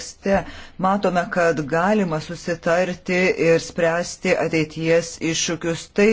kontekste matome, kad galima susitarti ir spręsti ateities iššūkius. Tai